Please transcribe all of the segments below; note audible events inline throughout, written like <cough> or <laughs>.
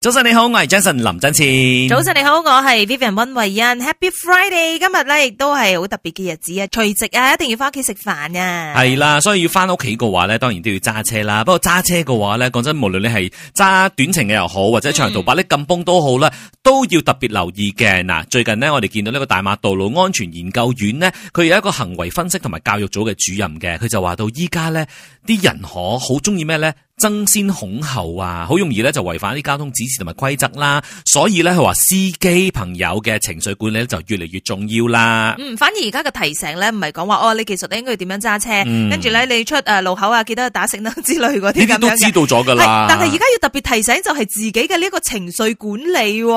早晨你好，我係 Jason 林振前。早晨你好，我係 Vivian 溫慧欣。Happy Friday，今日咧亦都係好特別嘅日子啊！除夕啊，一定要翻屋企食飯啊！係啦，所以要翻屋企嘅話咧，當然都要揸車啦。不過揸車嘅話咧，講真，無論你係揸短程嘅又好，或者長途把你咁崩都好啦，嗯，都要特別留意嘅嗱。最近呢，我哋見到呢個大馬道路安全研究院呢，佢有一個行為分析同埋教育組嘅主任嘅，佢就話到依家咧，啲人可好中意咩咧？爭先恐後啊，好容易咧就違反啲交通指示同埋規則啦，所以咧佢話司機朋友嘅情緒管理就越嚟越重要啦。嗯，反而而家嘅提醒咧唔係講話哦，你其實你應該點樣揸車，跟住咧你出誒路口啊，記得打醒啦之類嗰啲咁樣都知道咗噶啦，但係而家要特別提醒就係自己嘅呢個情緒管理。係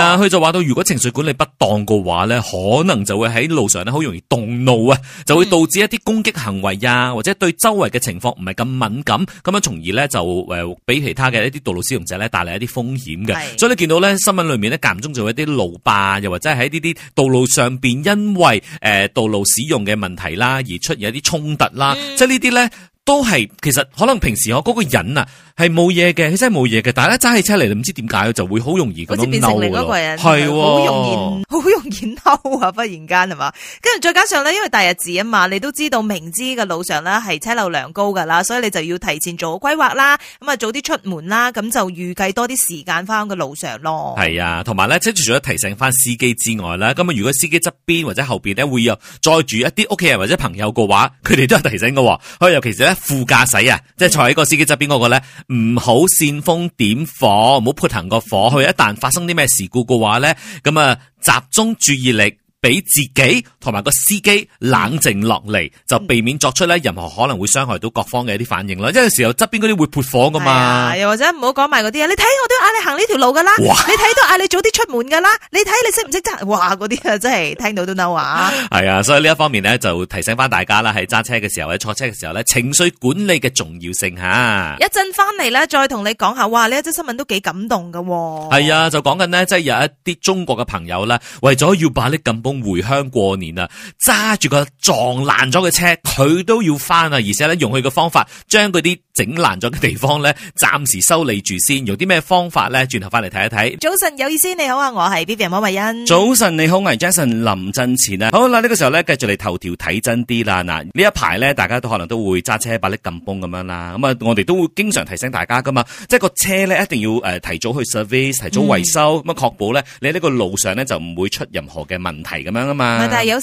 啊，佢、啊、就話到如果情緒管理不當嘅話咧，可能就會喺路上呢好容易動怒啊，就會導致一啲攻擊行為啊、嗯，或者對周圍嘅情況唔係咁敏感，咁樣從而咧咧就誒，俾其他嘅一啲道路使用者咧，帶嚟一啲風險嘅。所以你見到咧新聞裏面咧，間中仲有一啲路霸，又或者係喺呢啲道路上邊，因為誒、呃、道路使用嘅問題啦，而出現一啲衝突啦。即、嗯、係呢啲咧，都係其實可能平時我嗰個人啊。係冇嘢嘅，佢真係冇嘢嘅。但係咧揸起車嚟唔知點解，就會好容易咁樣變成另外個人。啊！係，好容易，好容易嬲啊！忽然間係嘛，跟住再加上咧，因為大日子啊嘛，你都知道明知嘅路上啦係車流量高噶啦，所以你就要提前做好規劃啦，咁啊早啲出門啦，咁就預計多啲時間翻個路上咯。係啊，同埋咧，即係除咗提醒翻司機之外啦。咁啊如果司機側邊或者後邊咧會有載住一啲屋企人或者朋友嘅話，佢哋都係提醒嘅。佢尤其是咧副駕駛啊，即係坐喺個司機側邊嗰個咧。唔好煽風點火，唔好潑騰個火。佢一旦發生啲咩事故嘅話咧，咁啊集中注意力俾自己。同埋個司機冷靜落嚟，就避免作出咧任何可能會傷害到各方嘅一啲反應啦。即係時候側邊嗰啲會潑火噶嘛、哎，又或者唔好講埋嗰啲啊。你睇我都嗌你行呢條路噶啦，你睇都嗌你早啲出門噶啦。你睇你識唔識揸？哇，嗰啲啊真係聽到都嬲啊！係、哎、啊，所以呢一方面咧就提醒翻大家啦，喺揸車嘅時候或者坐車嘅時候咧，情緒管理嘅重要性吓、哎。一陣翻嚟咧，再同你講下。哇，呢一則新聞都幾感動噶。係、哎、啊，就講緊呢，即、就、係、是、有一啲中國嘅朋友咧，為咗要把啲根本回鄉過年。揸住個撞爛咗嘅車，佢都要翻啊！而且咧用佢嘅方法將嗰啲整爛咗嘅地方咧，暫時修理住先。用啲咩方法咧？轉頭翻嚟睇一睇。早晨有意思，你好啊！我係 B B 楊偉欣。早晨你好，我係 Jason 林振前啊！好啦，呢、這個時候咧，繼續嚟頭條睇真啲啦。嗱，呢一排咧，大家都可能都會揸車把力撳崩咁樣啦。咁啊，我哋都會經常提醒大家噶嘛，即係個車咧一定要誒提早去 service 提早維修，咁、嗯、啊確保咧你呢個路上咧就唔會出任何嘅問題咁樣啊嘛。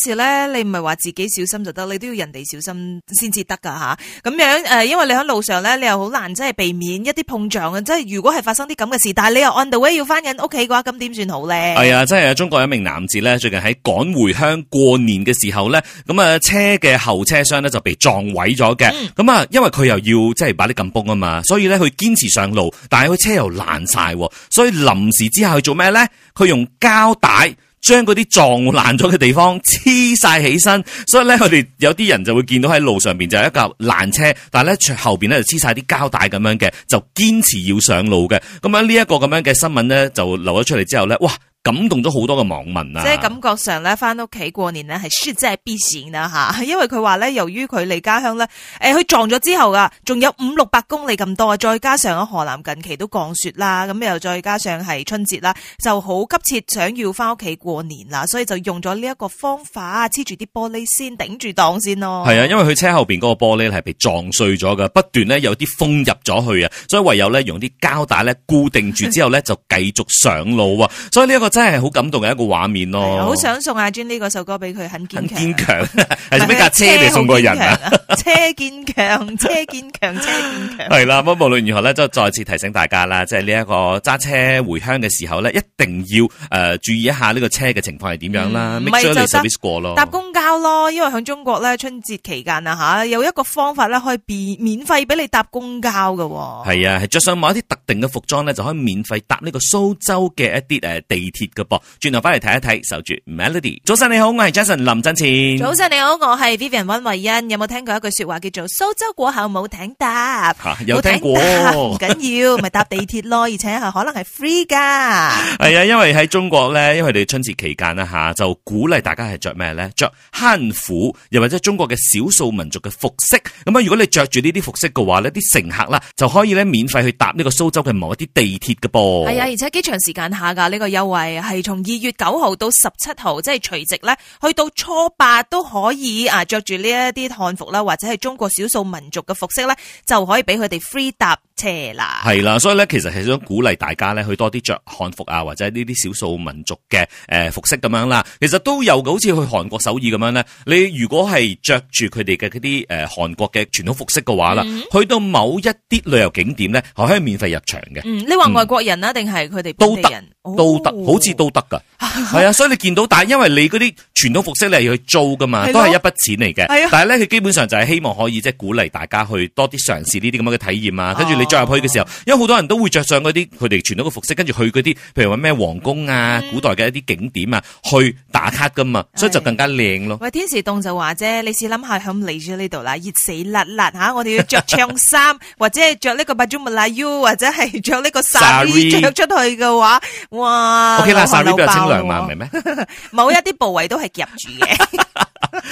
似咧，你唔係話自己小心就得，你都要人哋小心先至得噶吓。咁樣誒、呃，因為你喺路上咧，你又好難即係避免一啲碰撞嘅。即係如果係發生啲咁嘅事，但係你又按道要翻緊屋企嘅話，咁點算好咧？係、哎、啊，即係中國有一名男子咧，最近喺趕回鄉過年嘅時候咧，咁啊車嘅後車廂咧就被撞毀咗嘅。咁、嗯、啊，因為佢又要即係擺啲禁卜啊嘛，所以咧佢堅持上路，但係佢車又爛晒，所以臨時之後去做咩咧？佢用膠帶。將嗰啲撞爛咗嘅地方黐晒起身，所以咧，我哋有啲人就會見到喺路上面就有一架爛車，但係咧，後邊咧就黐晒啲膠帶咁樣嘅，就堅持要上路嘅。咁樣呢一個咁樣嘅新聞咧，就流咗出嚟之後咧，哇！感動咗好多嘅網民啊，即係感覺上咧，翻屋企過年呢係真係必選啦吓，因為佢話咧，由於佢離家鄉咧，誒、呃，佢撞咗之後啊，仲有五六百公里咁多啊，再加上河南近期都降雪啦，咁又再加上係春節啦，就好急切想要翻屋企過年啦，所以就用咗呢一個方法，黐住啲玻璃先頂住檔先咯。係啊，因為佢車後邊嗰個玻璃係被撞碎咗噶，不斷咧有啲風入咗去啊，所以唯有咧用啲膠帶咧固定住之後咧就繼續上路啊，所以呢、這、一個。真係好感動嘅一個畫面咯，好想送阿尊呢個首歌俾佢，很堅強，很堅強，係咩架車嚟送個人堅強啊？車堅強， <laughs> 車堅強，車堅強，係啦。咁無論如何咧，就再次提醒大家啦，即係呢一個揸車回鄉嘅時候咧，一定要誒、呃、注意一下呢個車嘅情況係點樣啦。唔係就得搭公交咯，因為喺中國咧，春節期間啊吓，有一個方法咧可以免免費俾你搭公交嘅。係啊，係着上某一啲特定嘅服裝咧，就可以免費搭呢個蘇州嘅一啲誒地鐵。嘅噃，轉頭翻嚟睇一睇，守住 Melody。早晨你好，我係 Jason 林振前。早晨你好，我係 Vivian 温慧欣。有冇聽過一句說話叫做蘇州過後冇艇搭？有、啊、聽過。唔緊要，咪 <laughs> 搭地鐵咯，而且係可能係 free 㗎。係、哎、啊，因為喺中國咧，因為你哋春節期間啊，嚇，就鼓勵大家係着咩咧？着漢服，又或者中國嘅少數民族嘅服飾。咁啊，如果你着住呢啲服飾嘅話，呢啲乘客啦，就可以咧免費去搭呢個蘇州嘅某一啲地鐵嘅噃。係、哎、啊，而且幾長時間下㗎呢、呢個優惠。係係從二月九號到十七號，即係除夕呢，去到初八都可以啊！着住呢一啲漢服啦，或者係中國少數民族嘅服飾呢，就可以俾佢哋 free 搭車啦。係啦，所以呢，其實係想鼓勵大家呢，去多啲着漢服啊，或者呢啲少數民族嘅誒服飾咁樣啦。其實都有好似去韓國首爾咁樣呢，你如果係着住佢哋嘅嗰啲誒韓國嘅傳統服飾嘅話啦，去到某一啲旅遊景點呢，係可以免費入場嘅。嗯，你話外國人啊，定係佢哋本地人都得，都得。哦。都得好似都得噶，係啊，啊，所以你見到，但係因為你嗰啲傳統服飾你係要去租噶嘛，都係一筆錢嚟嘅。啊，但係咧，佢基本上就係希望可以即係鼓勵大家去多啲嘗試呢啲咁樣嘅體驗啊。跟、啊、住你再入去嘅時候，啊、因為好多人都會着上嗰啲佢哋傳統嘅服飾，跟住去嗰啲譬如話咩皇宮啊、嗯、古代嘅一啲景點啊，去打卡噶嘛，所以就更加靚咯。喂、哎，天時凍就話啫，你試諗下，響嚟咗呢度啦，熱死辣辣。嚇、啊！我哋要着長衫， <laughs> 或者係著呢個 Baju Melayu，或者係着呢個衫，着出去嘅話，哇！天冷曬都有清涼嘛，明唔明？咩？某一啲部位都係夾住嘅。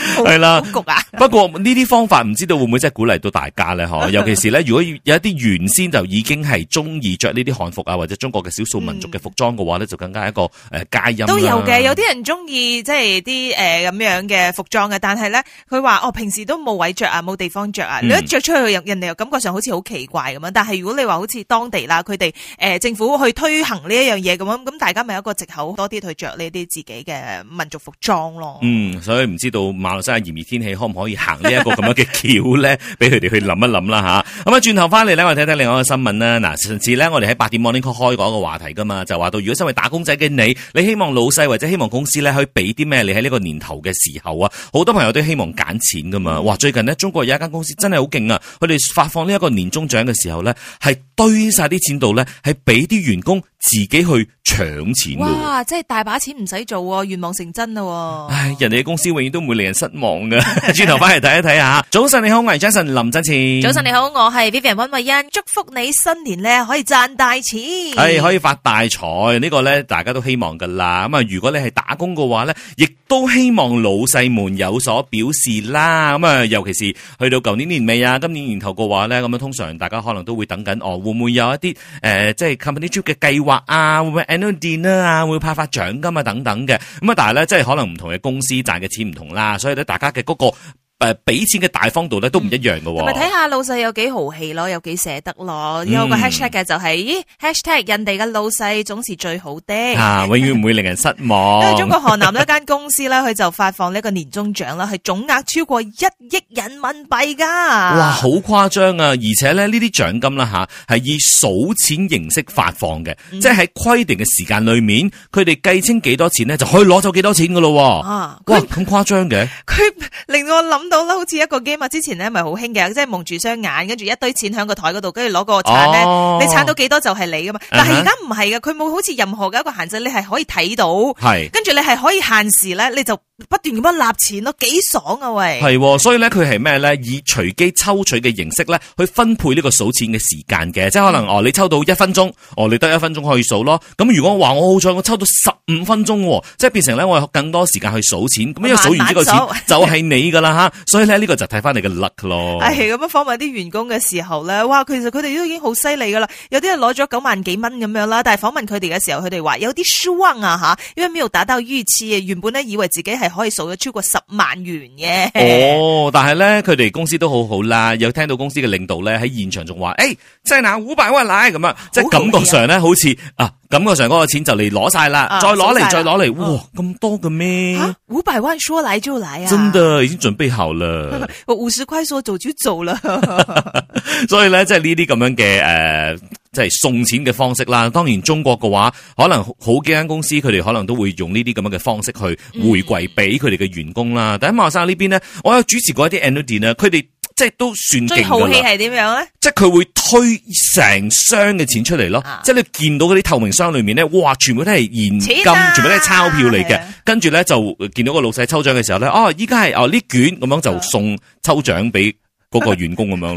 係啦、啊，不過呢啲方法唔知道會唔會真係鼓勵到大家咧？嗬，尤其是咧，如果有一啲原先就已經係中意着呢啲漢服啊，或者中國嘅少數民族嘅服裝嘅話咧，就更加係一個誒佳音。都有嘅，有啲人中意即係啲誒咁樣嘅服裝嘅，但係咧佢話哦，平時都冇位着啊，冇地方着啊，你一着出去人哋又感覺上好似好奇怪咁樣。但係如果你話好似當地啦，佢哋誒政府去推行呢一樣嘢咁樣，咁大家咪有一個藉口多啲去着呢啲自己嘅民族服裝咯。嗯，所以唔知道後生，炎熱天氣可唔可以行呢 <laughs> 一個咁樣嘅橋咧？俾佢哋去諗一諗啦吓。咁啊，轉頭翻嚟咧，我哋睇睇另外一個新聞啦。嗱，上次咧，我哋喺八點 morning call 開過一個話題噶嘛，就話到如果身為打工仔嘅你，你希望老細或者希望公司咧，可以俾啲咩你喺呢個年頭嘅時候啊，好多朋友都希望揀錢噶嘛。哇，最近呢，中國有一間公司真係好勁啊，佢哋發放呢一個年終獎嘅時候咧，係堆晒啲錢度咧，係俾啲員工。自己去搶錢，哇！即係大把錢唔使做，願望成真咯。唉，人哋嘅公司永遠都唔會令人失望㗎。轉頭翻嚟睇一睇下，早晨你好，我係 Jason 林振前。早晨你好，我係 Vivian 溫慧欣，祝福你新年咧可以賺大錢，係、哎、可以發大財。呢、這個咧大家都希望噶啦。咁啊，如果你係打工嘅話咧，亦都希望老細們有所表示啦。咁啊，尤其是去到舊年年尾啊，今年年頭嘅話咧，咁啊，通常大家可能都會等緊哦，會唔會有一啲誒、呃，即係 company trip 嘅計劃？啊！會唔會 annual dinner 啊？會派發獎金啊等等嘅咁啊！但係咧，即係可能唔同嘅公司賺嘅錢唔同啦，所以咧，大家嘅嗰個。誒，俾錢嘅大方度咧都唔一樣嘅、哦嗯，咪睇下老細有幾豪氣咯，有幾捨得咯。有、嗯、個 hashtag 嘅就係、是，咦，hashtag 人哋嘅老細總是最好的，啊，永遠唔會令人失望。因 <laughs> 為中國河南呢一間公司咧，佢 <laughs> 就發放呢個年終獎啦，係總額超過一億人民幣噶。哇，好誇張啊！而且咧呢啲獎金啦、啊、吓，係以數錢形式發放嘅、嗯，即係喺規定嘅時間裏面，佢哋計清幾多錢咧，就可以攞走幾多錢噶咯。啊，哇，咁誇張嘅，佢令到我諗。到啦，好似一個 game 啊！之前咧咪好興嘅，即係蒙住雙眼，跟住一堆錢響個台度，跟住攞個鏟咧，你鏟到幾多就係你噶嘛。但係而家唔係嘅，佢冇好似任何嘅一個限制，你係可以睇到，係，跟住你係可以限時咧，你就。不斷咁樣立錢咯，幾爽啊喂！係、哦，所以咧佢係咩咧？以隨機抽取嘅形式咧去分配呢個數錢嘅時間嘅，即係可能、嗯、哦，你抽到一分鐘，哦你得一分鐘可以數咯。咁如果話我好彩，我抽到十五分鐘，即係變成咧我有更多時間去數錢。咁因為數完呢個錢就係你噶啦吓，慢慢 <laughs> 所以咧呢個就睇翻你嘅 luck 咯。係、哎、咁樣訪問啲員工嘅時候咧，哇！其實佢哋都已經好犀利噶啦，有啲人攞咗九萬幾蚊咁樣啦。但係訪問佢哋嘅時候，佢哋話有啲失望啊吓，因為邊度打到魚翅啊，原本呢，以為自己係。可以數咗超過十萬元嘅。哦，但係咧，佢哋公司都好好啦，有聽到公司嘅領導咧喺現場仲話，誒、欸，即係嗱五百萬啦，咁樣，即係感覺上咧、啊，好似啊，感覺上嗰個錢就嚟攞曬啦，再攞嚟，再攞嚟，哇，咁多嘅咩？啊、五百萬說來就來啊，真的已經準備好了。 <laughs> 我五十塊說走就走了。 <laughs> <laughs> 所以咧，即係呢啲咁樣嘅誒。呃即、就、係、是、送錢嘅方式啦，當然中國嘅話，可能好幾間公司佢哋可能都會用呢啲咁樣嘅方式去回饋俾佢哋嘅員工啦。嗯、但喺馬生這邊呢邊咧，我有主持過一啲 annual dinner 啦，佢哋即係都算勁噶最豪氣係點樣咧？即係佢會推成箱嘅錢出嚟咯，啊、即係你見到嗰啲透明箱裏面咧，哇，全部都係現金、啊，全部都係鈔票嚟嘅，跟住咧就見到個老細抽獎嘅時候咧，哦、啊，依家係哦呢卷咁樣就送抽獎俾。嗰、那個員工咁樣，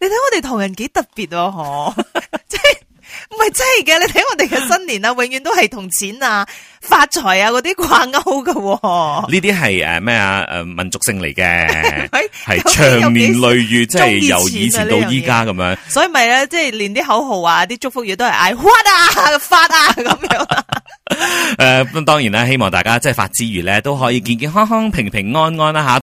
你睇我哋唐人幾特別哦，即係唔係真係嘅？你睇我哋嘅、啊、 <laughs> <laughs> 新年啊， <laughs> 永遠都係同錢啊、發財啊嗰啲掛鈎嘅。呢啲係誒咩啊？誒、啊呃呃，民族性嚟嘅，係 <laughs> 長年累月，即係由以前到依家咁樣。所以咪咧，即係連啲口號啊、啲祝福語都係嗌發啊、發啊咁樣。誒，當然啦，希望大家即係發之餘咧，都可以健健康康、平平安安啦吓。啊。